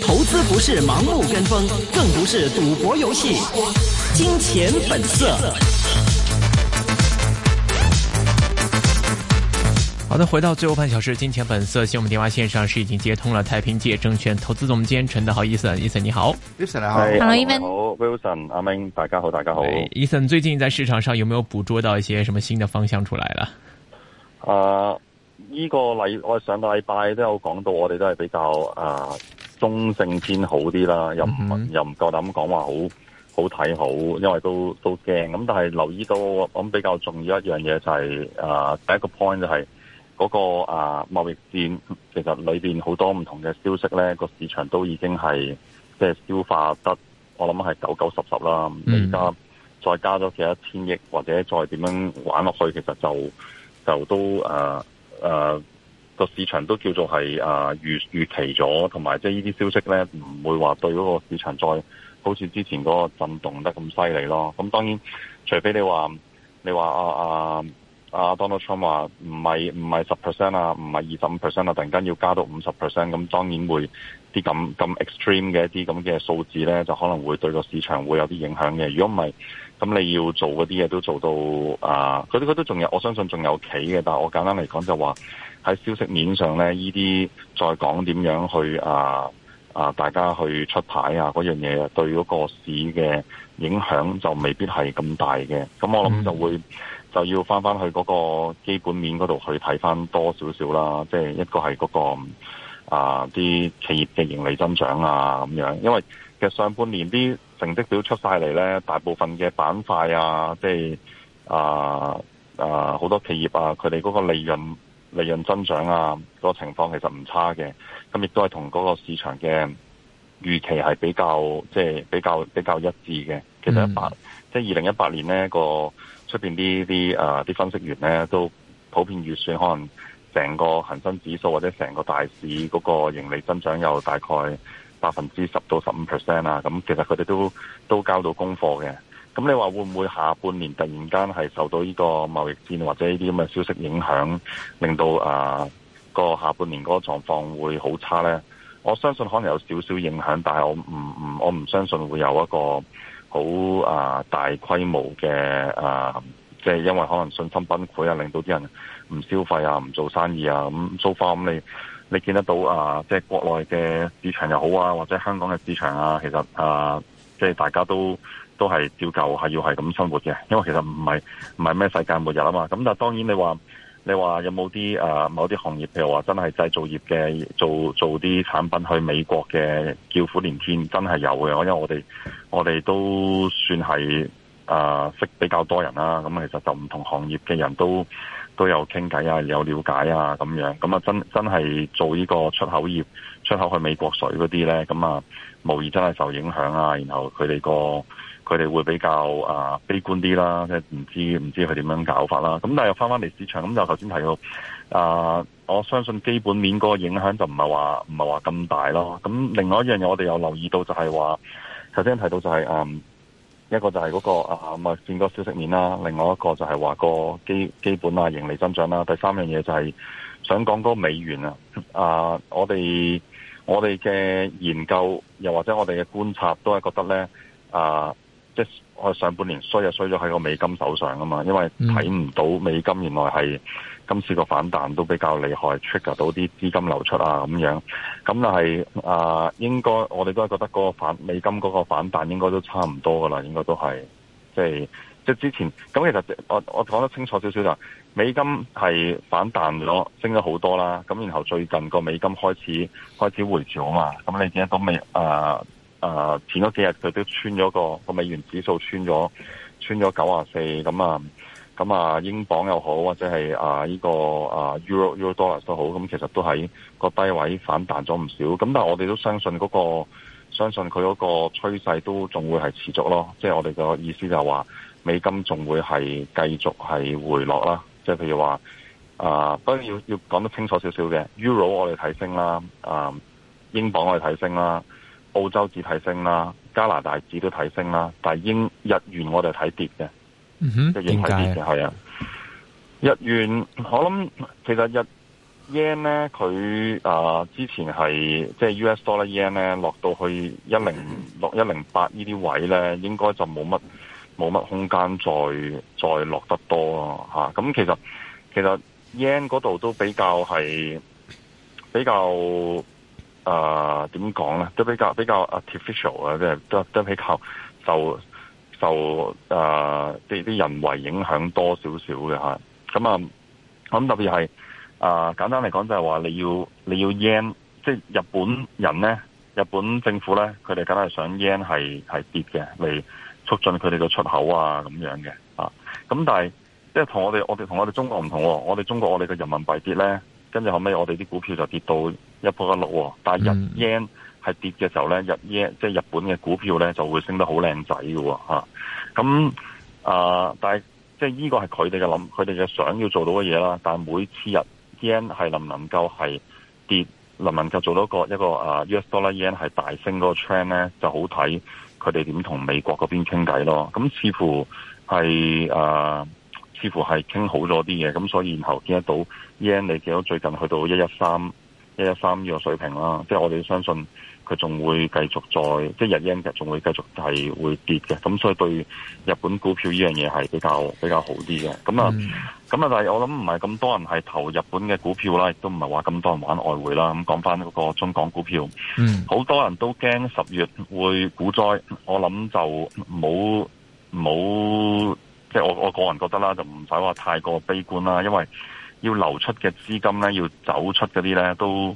投資不是盲目跟風，更不是賭博遊戲。金錢本色。好的，回到最後半小時，金錢本色，現時我們電話線上是已經接通了。太平界證券投資總監陳德豪，伊森，伊森你好，伊森你好，哈嘍伊本，好，Wilson，阿明，大家好，大家好，伊森，最近在市場上有沒有捕捉到一些什麼新的方向出來了？啊、uh 呢個禮，我上個禮拜都有講到，我哋都係比較啊、呃、中性偏好啲啦，又唔、mm hmm. 又唔夠膽講話好好睇好，因為都都驚。咁但係留意到，我諗比較重要一樣嘢就係、是、啊、呃、第一個 point 就係、是、嗰、那個啊貿、呃、易戰，其實裏面好多唔同嘅消息咧，個市場都已經係即係消化得，我諗係九九十十啦。而家、mm hmm. 再加咗幾一千億，或者再點樣玩落去，其實就就都啊～、呃誒個、啊、市場都叫做係誒預預期咗，同埋即係呢啲消息咧，唔會話對嗰個市場再好似之前嗰個震動得咁犀利咯。咁當然，除非你話你話啊啊啊 Donald Trump 話唔係唔係十 percent 啊，唔係二十五 percent 啊，啊，突然間要加到五十 percent，咁當然會啲咁咁 extreme 嘅一啲咁嘅數字咧，就可能會對個市場會有啲影響嘅。如果唔係，咁你要做嗰啲嘢都做到啊！嗰啲佢都仲有，我相信仲有企嘅。但係我簡單嚟講就話，喺消息面上咧，依啲再講點樣去啊啊，大家去出牌啊嗰樣嘢，對嗰個市嘅影響就未必係咁大嘅。咁我諗就會就要翻翻去嗰個基本面嗰度去睇翻多少少啦。即係一個係嗰個啊啲企業嘅盈利增長啊咁樣，因為其實上半年啲。成績表出晒嚟呢，大部分嘅板塊啊，即係啊啊好多企業啊，佢哋嗰個利潤、利潤增長啊、嗰個情況其實唔差嘅，咁亦都係同嗰個市場嘅預期係比較即係比較比較一致嘅。其實一八即係二零一八年呢、個出邊啲啲啊啲分析員呢，都普遍預算，可能成個恒生指數或者成個大市嗰個盈利增長有大概。百分之十到十五 percent 啊，咁其實佢哋都都交到功課嘅。咁你話會唔會下半年突然間係受到呢個貿易戰或者呢啲咁嘅消息影響，令到啊個下半年嗰個狀況會好差呢？我相信可能有少少影響，但係我唔唔，我唔相信會有一個好啊大規模嘅啊，即係因為可能信心崩潰啊，令到啲人唔消費啊，唔做生意啊，咁 so far 咁你。你見得到啊，即係國內嘅市場又好啊，或者香港嘅市場啊，其實啊，即係大家都都係照舊係要係咁生活嘅，因為其實唔係唔係咩世界末日啊嘛。咁但當然你話你話有冇啲啊某啲行業，譬如話真係製造業嘅做做啲產品去美國嘅叫苦連天，真係有嘅。因為我哋我哋都算係啊識比較多人啦，咁其實就唔同行業嘅人都。都有傾偈啊，有了解啊，咁樣咁啊，真真係做呢個出口業，出口去美國水嗰啲咧，咁啊，無疑真係受影響啊。然後佢哋個佢哋會比較啊、呃、悲觀啲啦，即係唔知唔知佢點樣搞法啦。咁但係又翻翻嚟市場，咁就頭先提到啊、呃，我相信基本面嗰個影響就唔係話唔係話咁大咯。咁另外一樣嘢我哋有留意到就係話頭先提到就係、是呃一個就係嗰，那個啊，咁啊，見過消息面啦，另外一個就係話個基基本啊盈利增長啦，第三樣嘢就係想講嗰美元啊啊，我哋我哋嘅研究，又或者我哋嘅觀察都係覺得咧啊。即係我上半年衰啊衰咗喺個美金手上啊嘛，因為睇唔到美金原來係今次個反彈都比較厲害，觸及到啲資金流出啊咁樣，咁就係啊，應該我哋都係覺得個個反美金嗰個反彈應該都差唔多噶啦，應該都係即係即係之前咁，其實我我講得清楚少少就，美金係反彈咗，升咗好多啦，咁然後最近個美金開始開始回潮啊嘛，咁你而家都未啊？呃啊！前嗰幾日佢都穿咗個個美元指數穿咗穿咗九啊四咁啊咁啊，英鎊又好或者係啊呢個啊 Euro Euro Dollars 都好，咁其實都喺個低位反彈咗唔少。咁但係我哋都相信嗰個相信佢嗰個趨勢都仲會係持續咯。即係我哋個意思就係話美金仲會係繼續係回落啦。即係譬如話啊，不過要要講得清楚少少嘅 Euro 我哋睇升啦，啊英鎊我哋睇升啦。澳洲指提升啦，加拿大指都提升啦，但係英日元我哋睇跌嘅。嗯哼，日元睇跌嘅，係啊，日元我諗其實日 yen 咧，佢啊之前係即係 US dollar yen 咧，落到去一零六一零八呢啲位咧，應該就冇乜冇乜空間再再落得多咯，吓。咁、啊嗯、其實其實 yen 嗰度都比較係比較。誒，點講咧？都比較比較 artificial 啊，即係都都比較受受誒啲啲人為影響多少少嘅吓。咁啊，咁特別係誒、啊，簡單嚟講就係話你要你要 yen，即係日本人咧，日本政府咧，佢哋梗係想 yen 係係跌嘅，嚟促進佢哋嘅出口啊咁樣嘅啊。咁但係即係同我哋我哋同我哋中國唔同、哦，我哋中國我哋嘅人民幣跌咧，跟住後尾我哋啲股票就跌到，一波一六，但係日 yen 係跌嘅時候咧，日 yen 即係日本嘅股票咧，就會升得好靚仔嘅吓。咁啊，但係即係呢個係佢哋嘅諗，佢哋嘅想要做到嘅嘢啦。但係每次日 yen 係能唔能夠係跌，能唔能夠做到一個一個啊，US dollar yen 係大升嗰個 trend 咧，就好睇佢哋點同美國嗰邊傾偈咯。咁似乎係啊，似乎係傾好咗啲嘢。咁所以然後見得到 yen 你見到最近去到一一三。一一三呢個水平啦，即係我哋相信佢仲會繼續再，即係日元嘅仲會繼續係會跌嘅，咁所以對日本股票呢樣嘢係比較比較好啲嘅。咁啊、嗯，咁啊，但係我諗唔係咁多人係投日本嘅股票啦，亦都唔係話咁多人玩外匯啦。咁講翻嗰個中港股票，嗯、好多人都驚十月會股災，我諗就冇冇，即係我我個人覺得啦，就唔使話太過悲觀啦，因為。要流出嘅資金咧，要走出嗰啲咧，都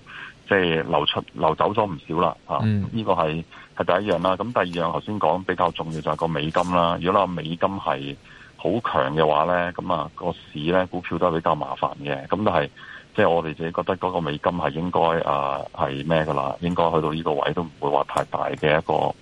即係流出流走咗唔少啦，嗯、啊！呢、這個係係第一樣啦。咁第二樣，頭先講比較重要就係個美金啦。如果啦美金係好強嘅話咧，咁、那、啊個市咧股票都係比較麻煩嘅。咁但係即係我哋自己覺得嗰個美金係應該啊係咩噶啦？應該去到呢個位都唔會話太大嘅一個，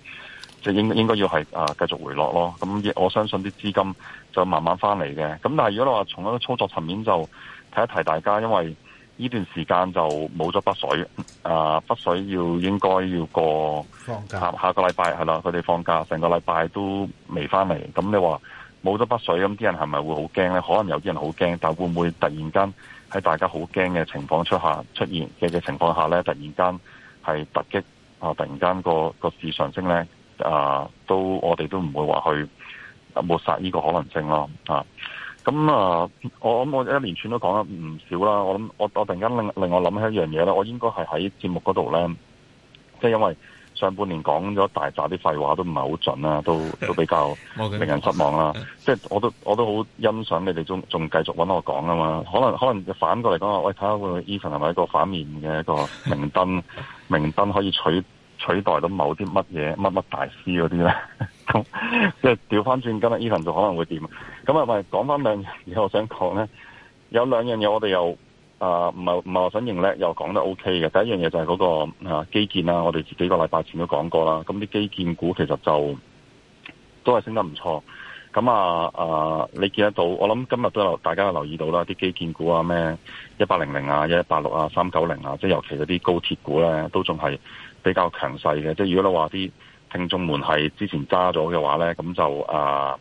即、就、係、是、應應該要係啊繼續回落咯。咁我相信啲資金就慢慢翻嚟嘅。咁但係如果你話從一個操作層面就，提一提大家，因為呢段時間就冇咗筆水，啊，筆水要應該要過放假，下個禮拜係啦，佢哋放假，成個禮拜都未翻嚟。咁你話冇咗筆水，咁啲人係咪會好驚咧？可能有啲人好驚，但會唔會突然間喺大家好驚嘅情況出下出現嘅嘅情況下咧，突然間係突擊啊！突然間個個市場上升咧啊，都我哋都唔會話去抹殺呢個可能性咯，啊。咁啊，我諗我，我一連串都講得唔少啦。我諗我我突然間令令我諗起一樣嘢啦。我應該係喺節目嗰度咧，即係因為上半年講咗大扎啲廢話都唔係好準啦，都都比較令人失望啦。 莫幾 即係我都我都好欣賞你哋，仲仲繼續揾我講啊嘛。可能可能反過嚟講話，喂，睇下會 Evan 係咪一個反面嘅一個明燈明 燈可以取取代到某啲乜嘢乜乜大師嗰啲咧？即係調翻轉，今日 Even 就可能會掂。咁啊、就是，咪講翻兩樣嘢，我想講咧。有兩樣嘢，我哋又啊，唔係唔係話想認叻，又講得 O K 嘅。第一樣嘢就係嗰、那個啊基建啦，我哋幾個禮拜前都講過啦。咁啲基建股其實就都係升得唔錯。咁啊啊，你見得到？我諗今日都有大家有留意到啦，啲基建股啊，咩一八零零啊、一一八六啊、三九零啊，即係尤其嗰啲高鐵股咧，都仲係比較強勢嘅。即係如果你話啲。聽眾們係之前揸咗嘅話呢，咁就啊，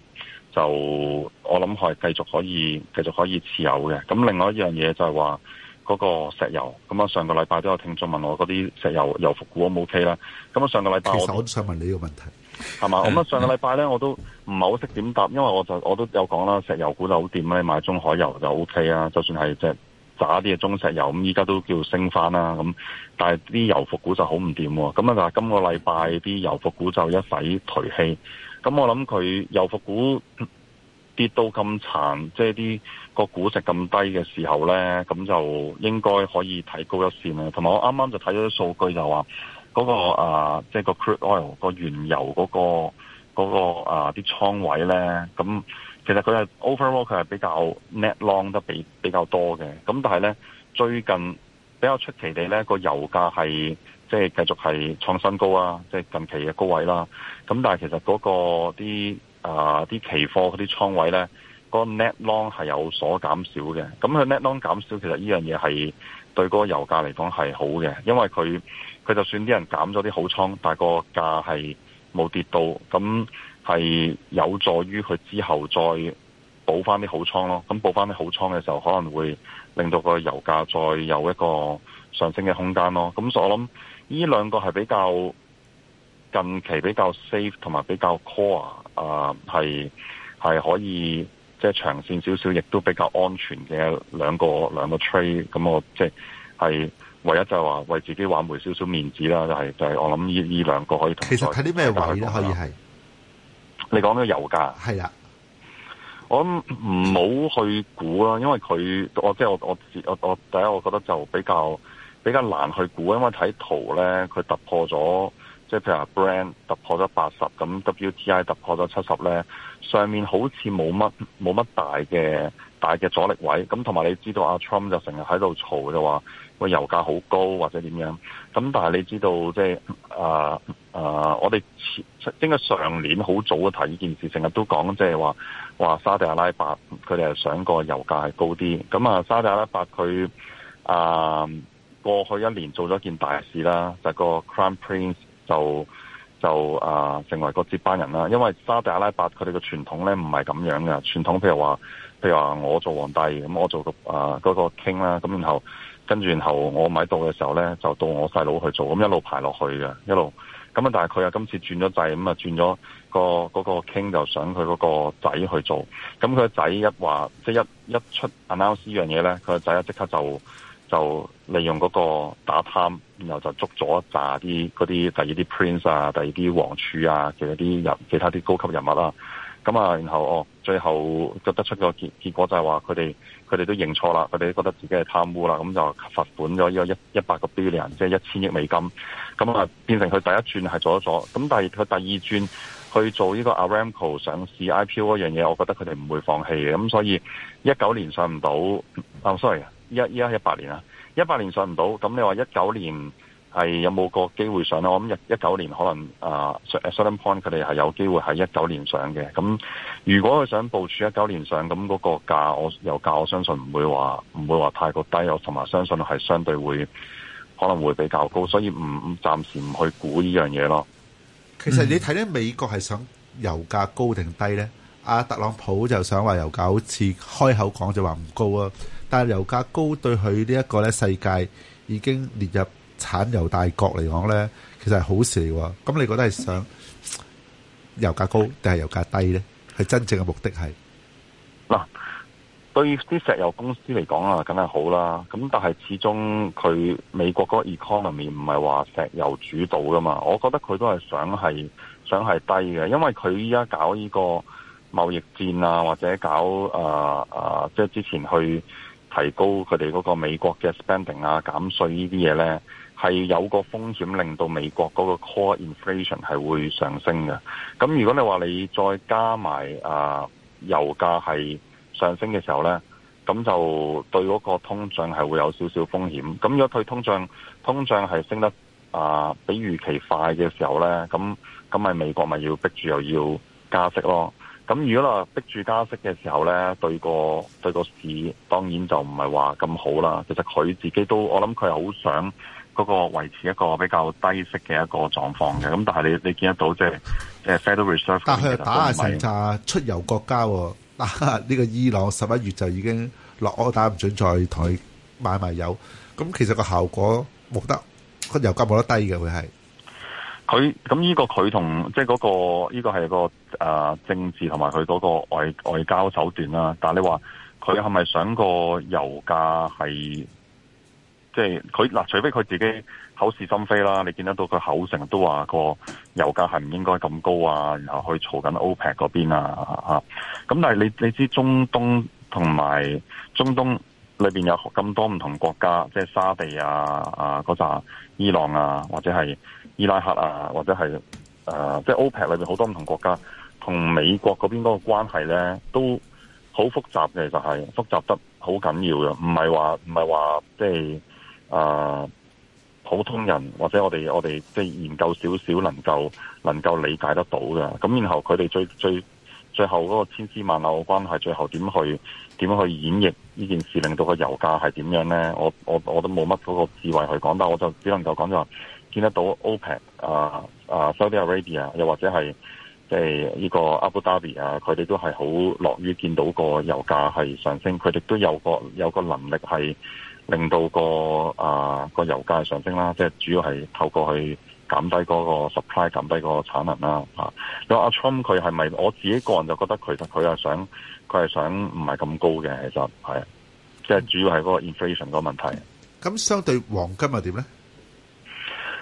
就我諗係繼續可以，繼續可以持有嘅。咁另外一樣嘢就係話嗰個石油。咁啊，上個禮拜都有聽眾問我嗰啲石油油服股，O 唔 O K 啦。咁啊，上個禮拜我其實我想問你呢個問題，係嘛？咁啊，上個禮拜呢，我都唔係好識點答，因為我就我都有講啦，石油股就好掂咧，買中海油就 OK 啊，就算係即係。就是差啲嘅中石油咁，依家都叫升翻啦。咁但係啲油服股就好唔掂喎。咁啊，但今個禮拜啲油服股就一洗頹氣。咁我諗佢油服股跌到咁殘，即係啲個股值咁低嘅時候呢，咁就應該可以睇高一線啦。同埋我啱啱就睇咗啲數據就、嗰個啊，就話嗰個啊，即係個 crude oil 個原油嗰、嗰個嗰、嗰個啊啲倉位呢。咁。其實佢係 overall 佢係比較 net long 得比比較多嘅，咁但係呢，最近比較出奇地呢個油價係即係繼續係創新高啊，即係近期嘅高位啦。咁但係其實嗰個啲啊啲期貨嗰啲倉位呢，嗰個 net long 係有所減少嘅。咁佢 net long 減少其實呢樣嘢係對嗰個油價嚟講係好嘅，因為佢佢就算啲人減咗啲好倉，但係個價係冇跌到咁。係有助於佢之後再補翻啲好倉咯。咁補翻啲好倉嘅時候，可能會令到個油價再有一個上升嘅空間咯。咁所以，我諗呢兩個係比較近期比較 safe 同埋比較 core 啊，係係可以即係長線少少，亦都比較安全嘅兩個兩個 trade。咁我即係係唯一就係話為自己挽回少少面子啦。就係、是、就係、是、我諗呢呢兩個可以。其實睇啲咩位可以係。你講個呢油價係啦，的我諗唔好去估啦，因為佢我即係我我我第一我覺得就比較比較難去估，因為睇圖咧，佢突破咗即係譬如 Brent 突破咗八十，咁 WTI 突破咗七十咧，上面好似冇乜冇乜大嘅大嘅阻力位，咁同埋你知道阿、啊、Trump 就成日喺度嘈就話。個油價好高或者點樣咁，但係你知道即係啊啊，我哋應該上年好早睇呢件事，成日都講即係話話沙特阿拉伯佢哋係想個油價係高啲。咁、嗯、啊，沙特阿拉伯佢啊過去一年做咗件大事啦，就是、個 Crown Prince 就就啊成為個接班人啦。因為沙特阿拉伯佢哋嘅傳統咧唔係咁樣嘅，傳統譬如話譬如話我做皇帝咁，我做個啊嗰個 king 啦，咁然後。跟住然後我買到嘅時候呢，就到我細佬去做，咁一路排落去嘅，一路咁啊。但係佢啊今次轉咗制，咁啊轉咗個嗰個 king 就想佢嗰個仔去做，咁佢個仔一話即一一出 announce 呢樣嘢呢，佢個仔一即刻就就利用嗰個打探，然後就捉咗一扎啲嗰啲第二啲 prince 啊，第二啲王儲啊，其他啲人，其他啲高級人物啦、啊。咁啊，然後哦，最後就得出個結,結果就係話佢哋佢哋都認錯啦，佢哋都覺得自己係貪污啦，咁就罰款咗呢個一一百個 billion，即係一千億美金。咁啊，變成佢第一轉係做咗咗，咁但係佢第二轉去做呢個 Aramco 上市 IPO 嗰樣嘢，我覺得佢哋唔會放棄嘅。咁所以一九年上唔到，啊、哦、sorry，一依家係一八年啊，一八年上唔到，咁你話一九年？係有冇個機會上咧？我諗一九年可能啊 Sheldon Point 佢哋係有機會喺一九年上嘅。咁如果佢想部署一九年上，咁嗰個價我，油價我相信唔會話唔會話太過低我同埋相信係相對會可能會比較高，所以唔唔暫時唔去估呢樣嘢咯。其實你睇呢，美國係想油價高定低呢？阿特朗普就想話油價好似開口講就話唔高啊，但係油價高對佢呢一個呢世界已經列入。產油大國嚟講呢，其實係好事喎。咁你覺得係想油價高定係油價低呢？係真正嘅目的係嗱，對於啲石油公司嚟講啊，梗係好啦。咁但係始終佢美國嗰個 economy 唔係話石油主導噶嘛。我覺得佢都係想係想係低嘅，因為佢依家搞呢個貿易戰啊，或者搞誒誒，即係之前去提高佢哋嗰個美國嘅 spending 啊，減稅呢啲嘢呢。係有個風險，令到美國嗰個 core inflation 係會上升嘅。咁如果你話你再加埋啊油價係上升嘅時候呢，咁就對嗰個通脹係會有少少風險。咁如果佢通脹通脹係升得啊比預期快嘅時候呢那，咁咁咪美國咪要逼住又要加息咯。咁如果話逼住加息嘅時候呢，對個對個市當然就唔係話咁好啦。其實佢自己都我諗佢係好想。嗰個維持一個比較低息嘅一個狀況嘅，咁但係你你見得到即係即係 Federal Reserve 但係打下出油國家，但係呢個伊朗十一月就已經落柯打唔準再同你買埋油，咁其實個效果冇得個油價冇得低嘅會係佢咁呢個佢同即係嗰個呢、呢個係個誒、呃、政治同埋佢嗰個外外交手段啦、啊，但係你話佢係咪想個油價係？即係佢嗱，除非佢自己口是心非啦，你見得到佢口成都話個油價係唔應該咁高啊，然後去嘈緊 OPEC 嗰邊啊，吓、啊、咁、啊。但係你你知中東同埋中東裏邊有咁多唔同國家，即係沙地啊啊嗰扎伊朗啊，或者係伊拉克啊，或者係誒，即、啊、係、就是、OPEC 裏邊好多唔同國家同美國嗰邊嗰個關係咧，都好複雜嘅，就係、是、複雜得好緊要嘅，唔係話唔係話即係。啊！普通人或者我哋我哋即係研究少少，能夠能夠理解得到嘅。咁然後佢哋最最最後嗰個千絲萬縷嘅關係，最後點去點去演繹呢件事，令到個油價係點樣咧？我我我都冇乜嗰個智慧去講，但我就只能夠講就見得到 OPEC 啊啊 Saudi Arabia 又或者係即係呢個 Abu Dhabi 啊，佢哋都係好樂於見到個油價係上升，佢哋都有個有個能力係。令到個啊，個油價上升啦，即係主要係透過去減低嗰個 supply，減低嗰個產能啦嚇。咁阿 Trump 佢係咪？我自己個人就覺得其實佢係想佢係想唔係咁高嘅，其實係，即係主要係嗰個 inflation 個問題。咁相對黃金係點咧？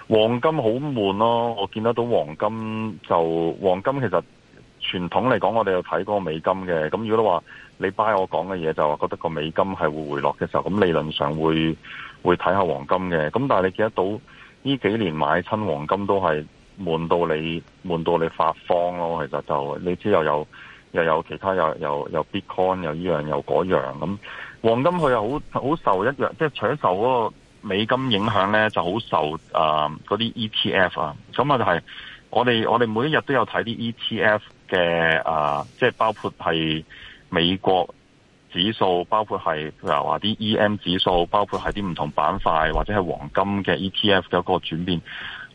黃金好悶咯，我見得到黃金就黃金其實。傳統嚟講，我哋有睇嗰個美金嘅。咁如果你話你 buy 我講嘅嘢，就話覺得個美金係會回落嘅時候，咁理論上會會睇下黃金嘅。咁但係你記得到呢幾年買親黃金都係悶到你悶到你發慌咯。其實就你知又有又有，有其他又有有 Bitcoin 又呢樣又嗰樣咁，黃金佢又好好受一樣，即係除咗受嗰個美金影響咧，就好受誒嗰、呃、啲 ETF 啊。咁啊就係、係、我哋我哋每一日都有睇啲 ETF。嘅啊，即係包括係美國指數，包括係譬如話啲 EM 指數，包括係啲唔同板塊或者係黃金嘅 ETF 嘅一個轉變，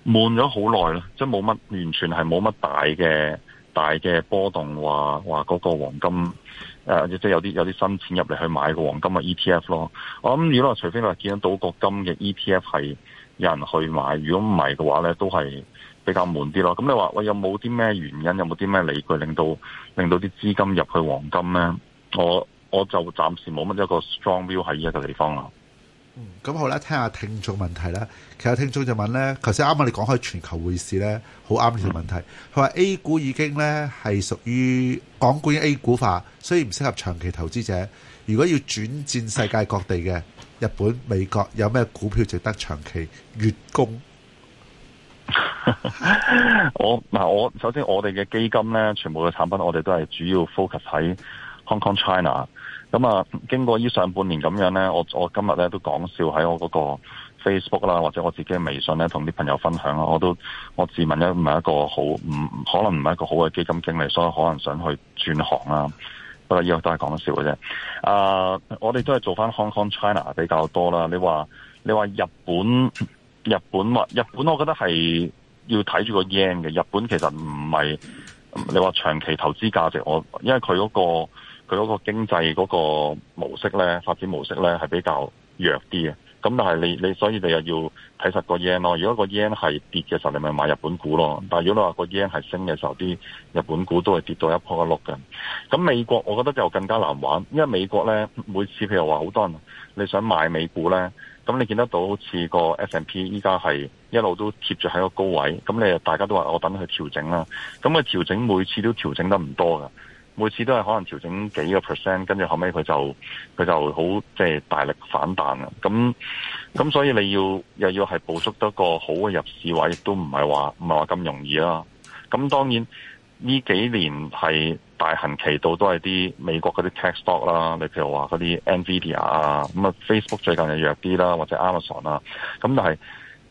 悶咗好耐咯，即係冇乜完全係冇乜大嘅大嘅波動，話話嗰個黃金誒、啊，即係有啲有啲新錢入嚟去買個黃金嘅 ETF 咯。我諗如果除非話見得到個金嘅 ETF 係有人去買，如果唔係嘅話咧，都係。比較悶啲咯，咁你話我有冇啲咩原因，有冇啲咩理據令到令到啲資金入去黃金咧？我我就暫時冇乜一個 strong view 喺呢一個地方啦。咁、嗯、好啦，聽下聽眾問題啦，其實聽眾就問咧，頭先啱啱你講開全球匯市咧，好啱呢個問題。佢話、嗯、A 股已經咧係屬於港股嘅 A 股化，所以唔適合長期投資者。如果要轉戰世界各地嘅日本、美國，有咩股票值得長期月供？ 我嗱，我首先我哋嘅基金咧，全部嘅產品我哋都係主要 focus 喺 Hong Kong China。咁啊，經過呢上半年咁樣咧，我我今日咧都講笑喺我嗰個 Facebook 啦，或者我自己嘅微信咧，同啲朋友分享啦。我都我自問咧唔係一個好唔可能唔係一個好嘅基金經理，所以可能想去轉行啦。不過呢個都係講笑嘅啫。啊，uh，我哋都係做翻 Hong Kong China 比較多啦。你話你話日本日本或日本，日本日本我覺得係。要睇住個 yen 嘅，日本其實唔係你話長期投資價值，我因為佢嗰個佢嗰個經濟嗰個模式咧，發展模式咧係比較弱啲嘅。咁但係你你所以你又要睇實個 yen 咯。如果個 yen 係跌嘅時候，你咪買日本股咯。但係如果你話個 yen 係升嘅時候，啲日本股都係跌到一仆一碌嘅。咁美國我覺得就更加難玩，因為美國咧每次譬如話好多人你想買美股咧。咁你見得到好似個 S&P 依家係一路都貼住喺個高位，咁你大家都話我等佢調整啦。咁佢調整每次都調整得唔多噶，每次都係可能調整幾個 percent，跟住後尾佢就佢就好即係大力反彈啊。咁咁所以你要又要係捕捉到個好嘅入市位，亦都唔係話唔係話咁容易啦。咁當然呢幾年係。大行其道都係啲美國嗰啲 tech stock 啦，你譬如話嗰啲 Nvidia 啊，咁啊 Facebook 最近又弱啲啦，或者 Amazon 啊，咁但係呢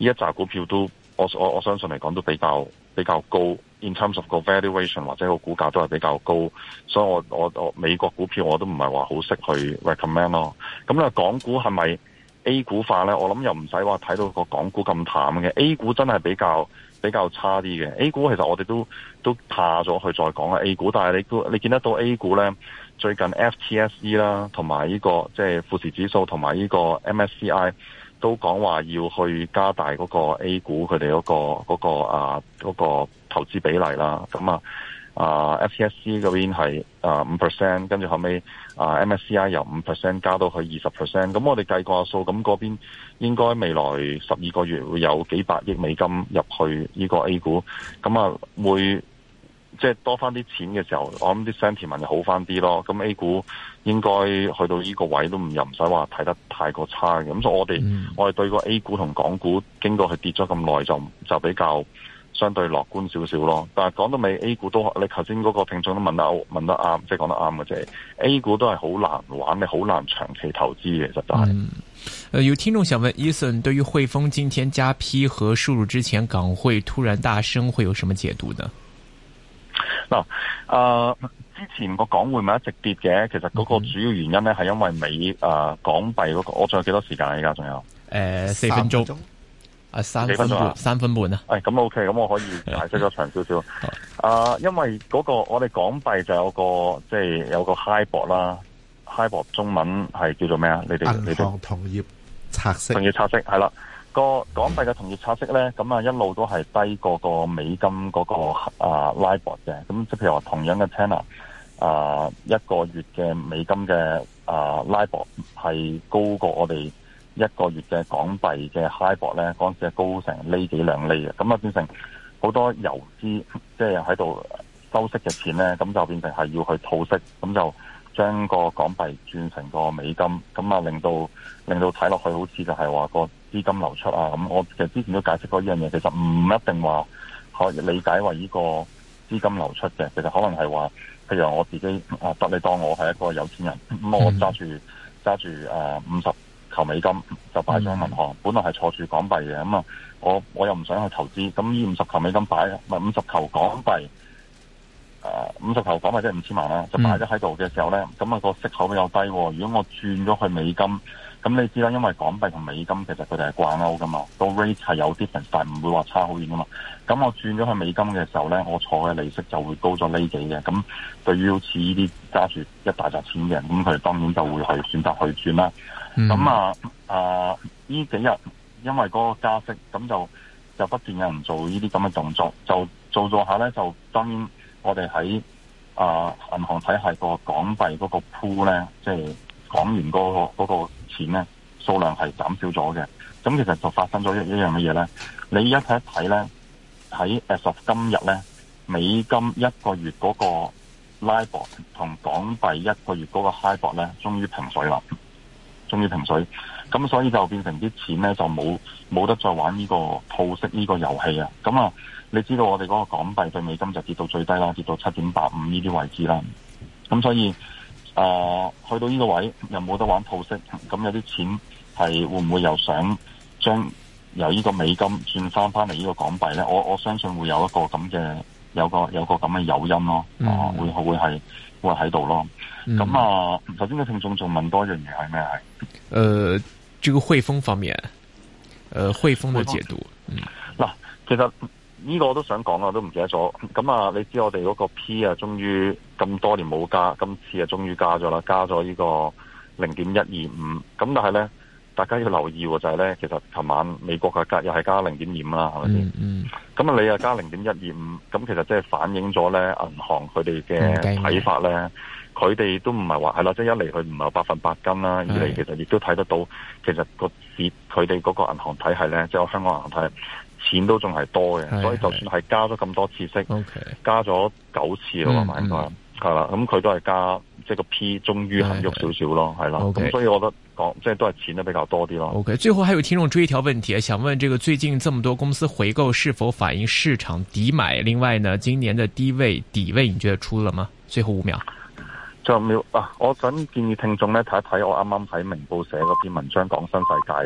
一扎股票都我我相信嚟講都比較比較高，in terms of valuation 或者個股價都係比較高，所以我我我美國股票我都唔係話好識去 recommend 咯。咁咧，港股係咪 A 股化呢？我諗又唔使話睇到個港股咁淡嘅，A 股真係比較。比較差啲嘅 A 股，其實我哋都都怕咗去再講 A 股，但係你你見得到 A 股呢，最近 FTSE 啦，同埋呢個即係富時指數，同埋呢個 MSCI 都講話要去加大嗰個 A 股佢哋嗰個嗰個啊嗰個投資比例啦。咁啊。啊、uh，FTSC 嗰邊係啊五 percent，跟住後尾啊、uh, MSCI 由五 percent 加到去二十 percent，咁我哋計過數，咁嗰邊應該未來十二個月會有幾百億美金入去呢個 A 股，咁啊會即係多翻啲錢嘅時候，我諗啲 sentiment 就好翻啲咯。咁 A 股應該去到呢個位都唔又唔使話睇得太過差嘅。咁所以我哋、嗯、我哋對個 A 股同港股經過佢跌咗咁耐，就就比較。相對樂觀少少咯，但係講到尾 A 股都，你頭先嗰個聽眾都問得問得啱，即係講得啱嘅啫。A 股都係好難玩，你好難長期投資嘅，實在，就是、係、嗯。誒、呃，有聽眾想問，Eason 對於匯豐今天加 P 和輸入之前港匯突然大升，會有什麼解讀呢？嗱、呃，誒、呃，之前個港匯咪一直跌嘅，其實嗰個主要原因呢，係因為美誒、呃、港幣嗰、那個，我仲有幾多時間而家仲有誒、呃、四分鐘。啊，三分半，分啊、三分半啊，咁、哎、OK，咁我可以解釋得長少少。 好啊，因為嗰、那個我哋港幣就有個即係、就是、有個 HIBOR 啦，HIBOR 中文係叫做咩啊？你哋，銀行同業拆息，同業拆息係啦。個 港幣嘅同業拆息咧，咁啊一路都係低過個美金嗰、那個啊拉博嘅。咁即譬如話同樣嘅 tenor 啊一個月嘅美金嘅啊拉博係高過我哋。一個月嘅港幣嘅 HIBOR 咧，嗰陣時係高成呢幾兩厘嘅，咁啊變成好多遊資即係喺度收息嘅錢咧，咁就變成係、就是、要去套息，咁就將個港幣轉成個美金，咁啊令到令到睇落去好似就係話個資金流出啊，咁我其實之前都解釋過呢樣嘢，其實唔一定話可以理解為呢個資金流出嘅，其實可能係話譬如我自己啊，得你當我係一個有錢人，咁我揸住揸住誒五十，嗯球美金就擺咗喺銀行，本來係坐住港幣嘅咁啊，我我又唔想去投資，咁呢五十球美金擺咪五十球港幣，誒五十球港幣即係五千萬啦，就擺咗喺度嘅時候咧，咁啊個息口比較低，哦，如果我轉咗去美金。咁你知啦，因為港幣同美金其實佢哋係掛鈎噶嘛，個 rate 係有啲但係，唔會話差好遠噶嘛。咁我轉咗去美金嘅時候咧，我坐嘅利息就會高咗呢幾嘅。咁對於好似呢啲揸住一大紮錢嘅人，咁佢哋當然就會去選擇去轉啦。咁啊、嗯、啊，呢、啊、幾日因為嗰個加息，咁就就不斷有人做呢啲咁嘅動作，就做咗下咧，就當然我哋喺啊銀行體系個港幣嗰個鋪咧，即、就、係、是、港元嗰個嗰個。那個錢呢，數量係減少咗嘅，咁其實就發生咗一一樣嘅嘢呢。你一睇一睇呢，喺 as of 今日呢，美金一個月嗰個拉博同港幣一個月嗰個嗨博咧，終於平水啦，終於平水。咁所以就變成啲錢呢，就冇冇得再玩呢個套息呢個遊戲啊。咁啊，你知道我哋嗰個港幣對美金就跌到最低啦，跌到七點八五呢啲位置啦。咁所以。啊、呃，去到呢個位又冇得玩套息。咁有啲錢係會唔會又想將由呢個美金轉翻翻嚟呢個港幣咧？我我相信會有一個咁嘅，有一個有一個咁嘅誘因咯，啊，會會係會喺度咯。咁啊，頭先嘅聽眾仲問多一樣嘢係咩？係，誒，呢個匯豐方面，誒、呃，匯豐嘅解讀，豐嗯，嗱，其實。呢個我，想我都想講啊，都唔記得咗。咁啊，你知我哋嗰個 P 啊，終於咁多年冇加，今次啊終於加咗啦，加咗呢個零點一二五。咁但係呢，大家要留意就係呢，其實琴晚美國嘅隔又係加零點二五啦，係咪先？咁啊、嗯，那你又加零點一二五，咁其實即係反映咗呢銀行佢哋嘅睇法呢。佢哋的都唔係話係啦，即係一嚟佢唔係百分百跟啦，的二嚟其實亦都睇得到，其實、個市佢哋嗰個銀行體系呢，即、就、係、是、香港銀行體系。錢都仲係多嘅，所以就算係加咗咁多是是次息，加咗九次咯，嘛吧，應該係啦。咁佢都係加，即係個 P 終於行喐少少咯，係啦。咁所以我覺得講即係都係、就是、錢都比較多啲咯。OK，最後還有聽眾追一條問題，想問這個最近這麼多公司回購是否反映市場抵買？另外呢，今年的低位底位你覺得出了嗎？最後五秒，最後五秒啊！我想建議聽眾咧睇一睇我啱啱喺明報寫嗰篇文章，講新世界。